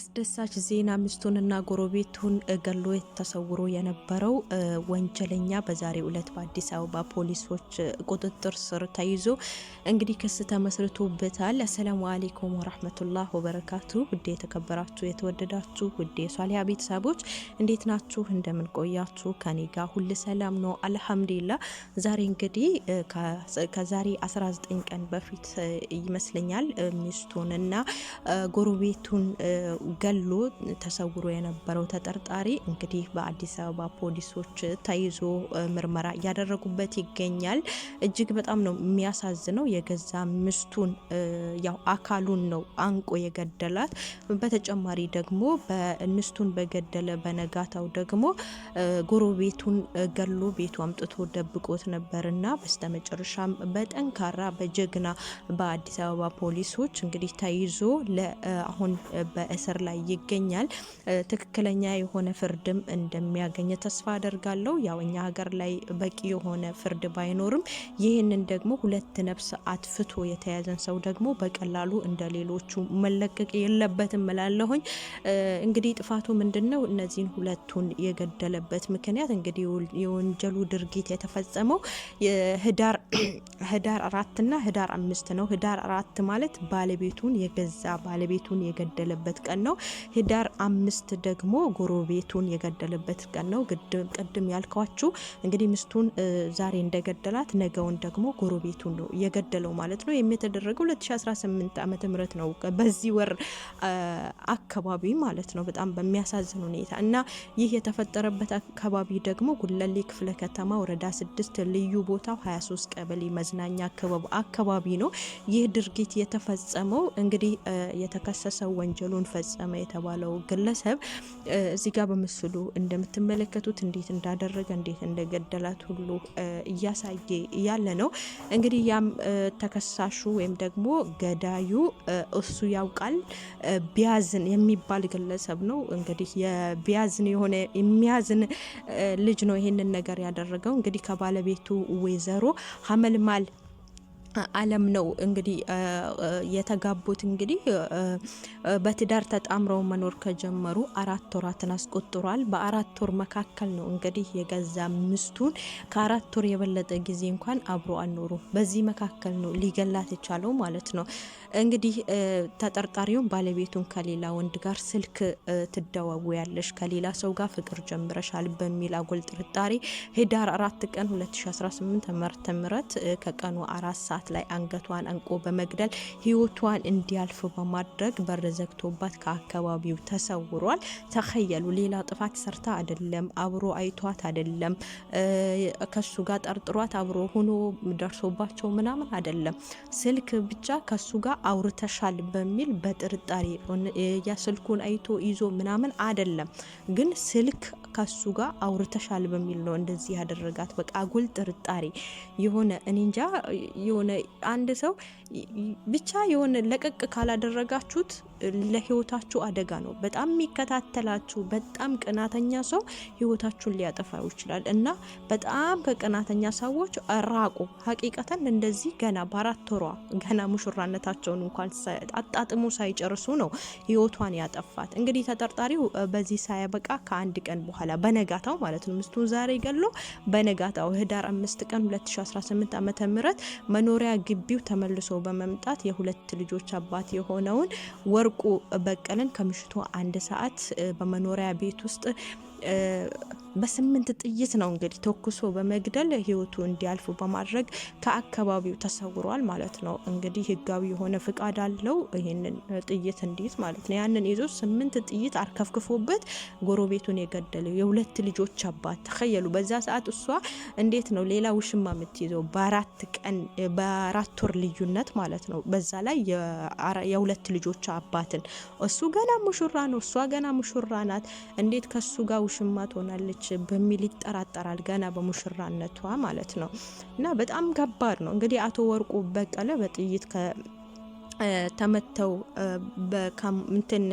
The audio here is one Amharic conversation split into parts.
አስደሳች ዜና ሚስቱንና ጎረቤቱን ገሎ ተሰውሮ የነበረው ወንጀለኛ በዛሬው ዕለት በአዲስ አበባ ፖሊሶች ቁጥጥር ስር ተይዞ እንግዲህ ክስ ተመስርቶበታል። አሰላሙ አሌይኩም ወራህመቱላህ ወበረካቱ። ውዴ የተከበራችሁ የተወደዳችሁ ውዴ የሷሊያ ቤተሰቦች እንዴት ናችሁ? እንደምን ቆያችሁ? ከኔ ሁል ሰላም ነው አልሐምዱሊላ። ዛሬ እንግዲህ ከዛሬ 19 ቀን በፊት ይመስለኛል ሚስቱንና ጎረቤቱን ገሎ ተሰውሮ የነበረው ተጠርጣሪ እንግዲህ በአዲስ አበባ ፖሊሶች ተይዞ ምርመራ እያደረጉበት ይገኛል። እጅግ በጣም ነው የሚያሳዝነው። የገዛ ምስቱን ያው አካሉን ነው አንቆ የገደላት። በተጨማሪ ደግሞ በንስቱን በገደለ በነጋታው ደግሞ ጎረቤቱን ገሎ ቤቱ አምጥቶ ደብቆት ነበርና በስተመጨረሻም በጠንካራ በጀግና በአዲስ አበባ ፖሊሶች እንግዲህ ተይዞ ለአሁን በእስር ላይ ይገኛል። ትክክለኛ የሆነ ፍርድም እንደሚያገኝ ተስፋ አደርጋለሁ። ያው እኛ ሀገር ላይ በቂ የሆነ ፍርድ ባይኖርም ይህንን ደግሞ ሁለት ነፍስ አትፍቶ የተያዘን ሰው ደግሞ በቀላሉ እንደ ሌሎቹ መለቀቅ የለበትም እላለሁኝ። እንግዲህ ጥፋቱ ምንድን ነው? እነዚህን ሁለቱን የገደለበት ምክንያት እንግዲህ የወንጀሉ ድርጊት የተፈጸመው ህዳር አራትና ህዳር አምስት ነው። ህዳር አራት ማለት ባለቤቱን የገዛ ባለቤቱን የገደለበት ቀን ቀን ነው። ህዳር አምስት ደግሞ ጎረቤቱን የገደለበት ቀን ነው። ቅድም ያልኳችሁ እንግዲህ ሚስቱን ዛሬ እንደገደላት ነገውን ደግሞ ጎረቤቱን ነው የገደለው ማለት ነው። የሚተደረገው 2018 ዓ ምህረት ነው በዚህ ወር አካባቢ ማለት ነው። በጣም በሚያሳዝን ሁኔታ እና ይህ የተፈጠረበት አካባቢ ደግሞ ጉለሌ ክፍለ ከተማ ወረዳ ስድስት ልዩ ቦታው 23 ቀበሌ መዝናኛ አካባቢ ነው። ይህ ድርጊት የተፈጸመው እንግዲህ የተከሰሰው ወንጀሉን ፈጽ ፈጸመ የተባለው ግለሰብ እዚህ ጋር በምስሉ እንደምትመለከቱት እንዴት እንዳደረገ እንዴት እንደገደላት ሁሉ እያሳየ እያለ ነው። እንግዲህ ያም ተከሳሹ ወይም ደግሞ ገዳዩ እሱ ያውቃል ቢያዝን የሚባል ግለሰብ ነው። እንግዲህ የቢያዝን የሆነ የሚያዝን ልጅ ነው ይሄንን ነገር ያደረገው እንግዲህ ከባለቤቱ ወይዘሮ ሀመልማል አለም ነው እንግዲህ የተጋቡት። እንግዲህ በትዳር ተጣምረው መኖር ከጀመሩ አራት ወራትን አስቆጥሯል። በአራት ወር መካከል ነው እንግዲህ የገዛ ሚስቱን ከአራት ወር የበለጠ ጊዜ እንኳን አብሮ አኖሩ። በዚህ መካከል ነው ሊገላት የቻለው ማለት ነው። እንግዲህ ተጠርጣሪውን ባለቤቱን ከሌላ ወንድ ጋር ስልክ ትደዋወያለሽ፣ ከሌላ ሰው ጋር ፍቅር ጀምረሻል በሚል አጉል ጥርጣሬ ህዳር አራት ቀን 2018 ም ከቀኑ አራት ሰዓት ሰዓት ላይ አንገቷን አንቆ በመግደል ህይወቷን እንዲያልፍ በማድረግ በር ዘግቶባት ከአካባቢው ተሰውሯል። ተኸየሉ ሌላ ጥፋት ሰርታ አይደለም፣ አብሮ አይቷት አይደለም፣ ከሱ ጋር ጠርጥሯት አብሮ ሆኖ ደርሶባቸው ምናምን አይደለም። ስልክ ብቻ ከሱ ጋር አውርተሻል በሚል በጥርጣሬ ያ ስልኩን አይቶ ይዞ ምናምን አይደለም ግን ስልክ ከሱ ጋር አውርተሻል በሚል ነው እንደዚህ ያደረጋት። በቃ አጉል ጥርጣሬ የሆነ እኔ እንጃ የሆነ አንድ ሰው ብቻ የሆነ ለቀቅ ካላደረጋችሁት ለህይወታችሁ አደጋ ነው። በጣም የሚከታተላችሁ በጣም ቅናተኛ ሰው ህይወታችሁን ሊያጠፋው ይችላል እና በጣም ከቅናተኛ ሰዎች ራቁ። ሀቂቀተን እንደዚህ ገና በአራት ወሯ ገና ሙሽራነታቸውን እንኳን አጣጥሙ ሳይጨርሱ ነው ህይወቷን ያጠፋት። እንግዲህ ተጠርጣሪው በዚህ ሳያበቃ ከአንድ ቀን በኋላ በነጋታው ማለት ነው ሚስቱን ዛሬ ገሎ በነጋታው ህዳር አምስት ቀን 2018 ዓ ም መኖሪያ ግቢው ተመልሶ በመምጣት የሁለት ልጆች አባት የሆነውን ወር ወርቁ በቀለን ከምሽቱ አንድ ሰዓት በመኖሪያ ቤት ውስጥ በስምንት ጥይት ነው እንግዲህ ተኩሶ በመግደል ህይወቱ እንዲያልፉ በማድረግ ከአካባቢው ተሰውሯል ማለት ነው። እንግዲህ ህጋዊ የሆነ ፍቃድ አለው ይህንን ጥይት እንዲይዝ ማለት ነው። ያንን ይዞ ስምንት ጥይት አርከፍክፎበት ጎረቤቱን የገደለው የሁለት ልጆች አባት ተከየሉ። በዛ ሰዓት እሷ እንዴት ነው ሌላ ውሽማ የምትይዘው? በአራት ቀን በአራት ወር ልዩነት ማለት ነው። በዛ ላይ የሁለት ልጆች አባትን እሱ ገና ሙሽራ ነው፣ እሷ ገና ሙሽራ ናት። እንዴት ከሱ ጋር ውሽማ ትሆናለች? ነች በሚል ይጠራጠራል ገና በሙሽራነቷ ማለት ነው። እና በጣም ከባድ ነው እንግዲህ አቶ ወርቁ በቀለ በጥይት ተመተው እንትን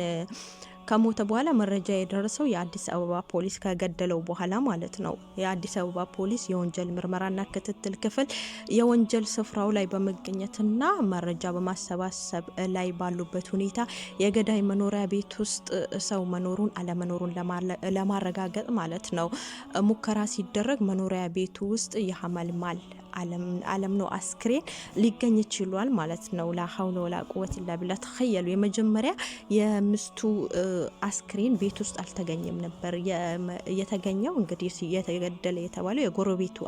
ከሞተ በኋላ መረጃ የደረሰው የአዲስ አበባ ፖሊስ ከገደለው በኋላ ማለት ነው። የአዲስ አበባ ፖሊስ የወንጀል ምርመራና ክትትል ክፍል የወንጀል ስፍራው ላይ በመገኘትና መረጃ በማሰባሰብ ላይ ባሉበት ሁኔታ የገዳይ መኖሪያ ቤት ውስጥ ሰው መኖሩን አለመኖሩን ለማረጋገጥ ማለት ነው ሙከራ ሲደረግ መኖሪያ ቤቱ ውስጥ የሀመልማል አለም ነው አስክሬን ሊገኝ ችሏል ማለት ነው። ላሀውለ ወላ ቁወት ላ ብላ ተኸየሉ። የመጀመሪያ የምስቱ አስክሬን ቤት ውስጥ አልተገኘም ነበር። የተገኘው እንግዲህ የተገደለ የተባለው የጎረቤቱ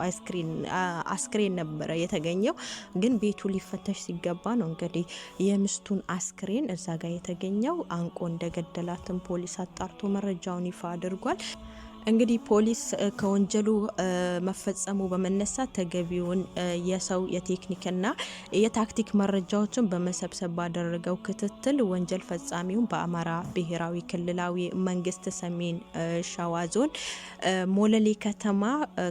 አስክሬን ነበረ የተገኘው። ግን ቤቱ ሊፈተሽ ሲገባ ነው እንግዲህ የምስቱን አስክሬን እዛ ጋር የተገኘው። አንቆ እንደገደላትን ፖሊስ አጣርቶ መረጃውን ይፋ አድርጓል። እንግዲህ ፖሊስ ከወንጀሉ መፈጸሙ በመነሳት ተገቢውን የሰው የቴክኒክና የታክቲክ መረጃዎችን በመሰብሰብ ባደረገው ክትትል ወንጀል ፈጻሚውን በአማራ ብሔራዊ ክልላዊ መንግስት ሰሜን ሸዋ ዞን ሞለሌ ከተማ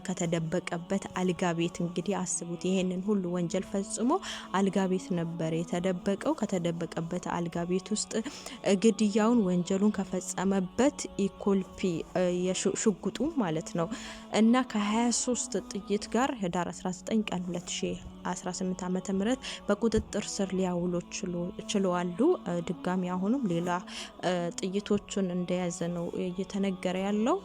ከተደበቀበት አልጋ ቤት እንግዲህ አስቡት፣ ይሄንን ሁሉ ወንጀል ፈጽሞ አልጋ ቤት ነበር የተደበቀው። ከተደበቀበት አልጋ ቤት ውስጥ ግድያውን ወንጀሉን ከፈጸመበት ኢኮልፒ ሽጉጡ ማለት ነው እና ከ23 ጥይት ጋር ህዳር 19 ቀን 2018 ዓ ም በቁጥጥር ስር ሊያውሎ ችለዋሉ። ድጋሚ አሁኑም ሌላ ጥይቶችን እንደያዘ ነው እየተነገረ ያለው።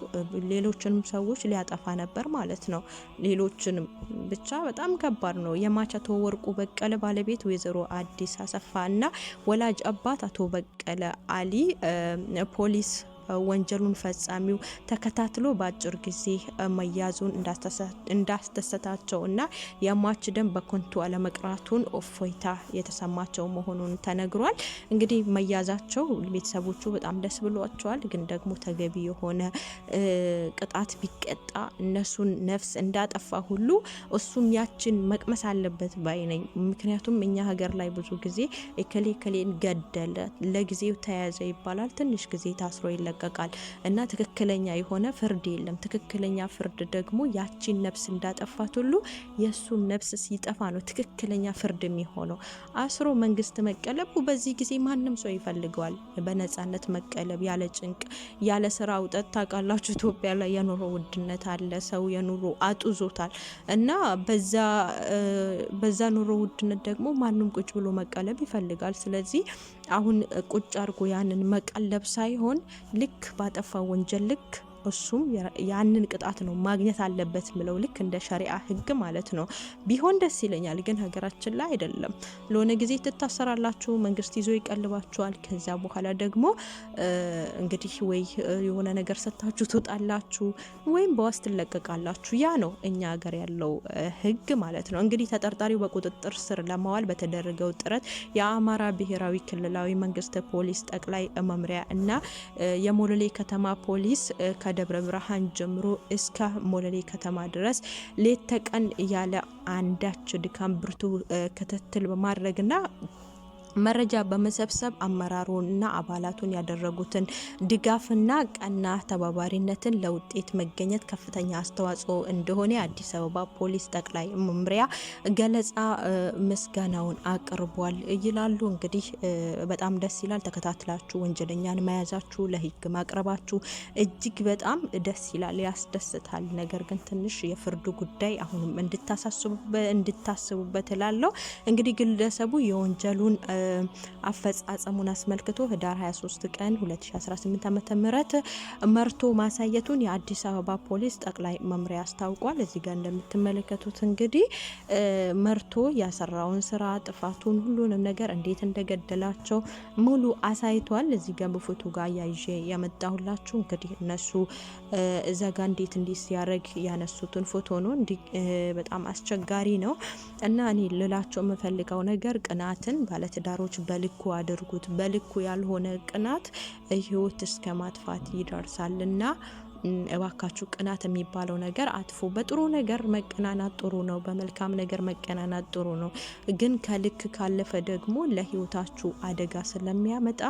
ሌሎችንም ሰዎች ሊያጠፋ ነበር ማለት ነው። ሌሎችንም ብቻ በጣም ከባድ ነው። አቶ ወርቁ በቀለ ባለቤት ወይዘሮ አዲስ አሰፋ እና ወላጅ አባት አቶ በቀለ አሊ ፖሊስ ወንጀሉን ፈጻሚው ተከታትሎ በአጭር ጊዜ መያዙን እንዳስደሰታቸው እና የሟች ደም በኮንቱ አለመቅራቱን እፎይታ የተሰማቸው መሆኑን ተነግሯል። እንግዲህ መያዛቸው ቤተሰቦቹ በጣም ደስ ብሏቸዋል። ግን ደግሞ ተገቢ የሆነ ቅጣት ቢቀጣ እነሱን ነፍስ እንዳጠፋ ሁሉ እሱም ያችን መቅመስ አለበት ባይ ነኝ። ምክንያቱም እኛ ሀገር ላይ ብዙ ጊዜ እከሌ እከሌን ገደለ፣ ለጊዜው ተያዘ ይባላል። ትንሽ ጊዜ ታስሮ ይለቀ ይለቀቃል እና ትክክለኛ የሆነ ፍርድ የለም። ትክክለኛ ፍርድ ደግሞ ያቺን ነፍስ እንዳጠፋት ሁሉ የእሱን ነፍስ ሲጠፋ ነው ትክክለኛ ፍርድ የሚሆነው። አስሮ መንግስት መቀለቡ በዚህ ጊዜ ማንም ሰው ይፈልገዋል። በነጻነት መቀለብ ያለ ጭንቅ ያለ ስራ ውጠት። ታውቃላችሁ ኢትዮጵያ ላይ የኑሮ ውድነት አለ። ሰው የኑሮ አጡዞታል እና በዛ ኑሮ ውድነት ደግሞ ማንም ቁጭ ብሎ መቀለብ ይፈልጋል። ስለዚህ አሁን ቁጭ አድርጎ ያንን መቀለብ ሳይሆን ልክ ባጠፋው ወንጀል ልክ እሱም ያንን ቅጣት ነው ማግኘት አለበት ምለው ልክ እንደ ሸሪአ ህግ ማለት ነው። ቢሆን ደስ ይለኛል፣ ግን ሀገራችን ላይ አይደለም። ለሆነ ጊዜ ትታሰራላችሁ፣ መንግስት ይዞ ይቀልባችኋል። ከዚያ በኋላ ደግሞ እንግዲህ ወይ የሆነ ነገር ሰታችሁ ትወጣላችሁ፣ ወይም በዋስ ትለቀቃላችሁ። ያ ነው እኛ ሀገር ያለው ህግ ማለት ነው። እንግዲህ ተጠርጣሪው በቁጥጥር ስር ለማዋል በተደረገው ጥረት የአማራ ብሔራዊ ክልላዊ መንግስት ፖሊስ ጠቅላይ መምሪያ እና የሞሎሌ ከተማ ፖሊስ ከደብረ ብርሃን ጀምሮ እስከ ሞለሌ ከተማ ድረስ ሌት ተቀን ያለ አንዳች ድካም ብርቱ ክትትል በማድረግና መረጃ በመሰብሰብ አመራሩንና አባላቱን ያደረጉትን ድጋፍና ቀና ተባባሪነትን ለውጤት መገኘት ከፍተኛ አስተዋጽኦ እንደሆነ የአዲስ አበባ ፖሊስ ጠቅላይ መምሪያ ገለጻ ምስጋናውን አቅርቧል ይላሉ። እንግዲህ በጣም ደስ ይላል። ተከታትላችሁ ወንጀለኛን መያዛችሁ፣ ለህግ ማቅረባችሁ እጅግ በጣም ደስ ይላል፣ ያስደስታል። ነገር ግን ትንሽ የፍርዱ ጉዳይ አሁንም እንድታሳስቡበት እንድታስቡበት እላለሁ። እንግዲህ ግለሰቡ የወንጀሉን አፈጻጸሙን አስመልክቶ ህዳር 23 ቀን 2018 ዓ.ም መርቶ ማሳየቱን የአዲስ አበባ ፖሊስ ጠቅላይ መምሪያ አስታውቋል። እዚህ ጋር እንደምትመለከቱት እንግዲህ መርቶ ያሰራውን ስራ ጥፋቱን፣ ሁሉንም ነገር እንዴት እንደገደላቸው ሙሉ አሳይቷል። እዚህ ጋር በፎቶ ጋር ያይዤ ያመጣሁላችሁ እንግዲህ እነሱ እዛ ጋር እንዴት እንዲህ ሲያደርግ ያነሱትን ፎቶ ነው። በጣም አስቸጋሪ ነው እና እኔ ልላቸው የምፈልገው ነገር ቅናትን ባለትዳር ነገሮች በልኩ አድርጉት። በልኩ ያልሆነ ቅናት ህይወት እስከ ማጥፋት ይደርሳል እና እባካችሁ ቅናት የሚባለው ነገር አጥፎ በጥሩ ነገር መቀናናት ጥሩ ነው። በመልካም ነገር መቀናናት ጥሩ ነው። ግን ከልክ ካለፈ ደግሞ ለህይወታችሁ አደጋ ስለሚያመጣ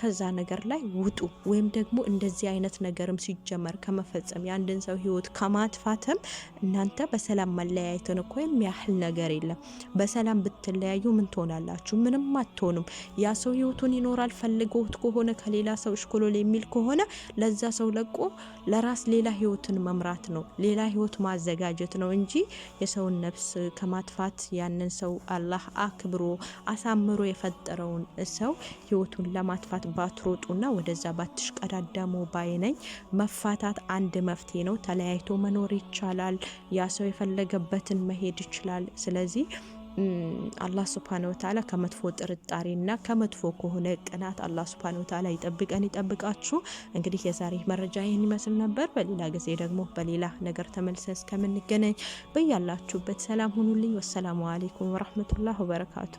ከዛ ነገር ላይ ውጡ። ወይም ደግሞ እንደዚህ አይነት ነገርም ሲጀመር ከመፈጸም የአንድን ሰው ህይወት ከማጥፋትም እናንተ በሰላም መለያየትን እኮ የሚያህል ነገር የለም። በሰላም ብትለያዩ ምን ትሆናላችሁ? ምንም አትሆኑም። ያ ሰው ህይወቱን ይኖራል። ፈልገውት ከሆነ ከሌላ ሰው እሽኮሎል የሚል ከሆነ ለዛ ሰው ለቆ ለራስ ሌላ ህይወትን መምራት ነው፣ ሌላ ህይወት ማዘጋጀት ነው እንጂ የሰውን ነፍስ ከማጥፋት ያንን ሰው አላህ አክብሮ አሳምሮ የፈጠረውን ሰው ህይወቱን ለማጥፋት ባትሮጡና ወደዛ ባትሽቀዳደሙ ባይነኝ። መፋታት አንድ መፍትሄ ነው። ተለያይቶ መኖር ይቻላል። ያ ሰው የፈለገበትን መሄድ ይችላል። ስለዚህ አላህ ስብሓን ወተዓላ ከመጥፎ ጥርጣሬና ከመጥፎ ከሆነ ቅናት አላህ ስብሓን ወተዓላ ይጠብቀን ይጠብቃችሁ። እንግዲህ የዛሬ መረጃ ይህን ይመስል ነበር። በሌላ ጊዜ ደግሞ በሌላ ነገር ተመልሰን እስከምንገናኝ በያላችሁበት ሰላም ሁኑልኝ። ወሰላሙ አሌይኩም ወረህመቱላህ ወበረካቱ።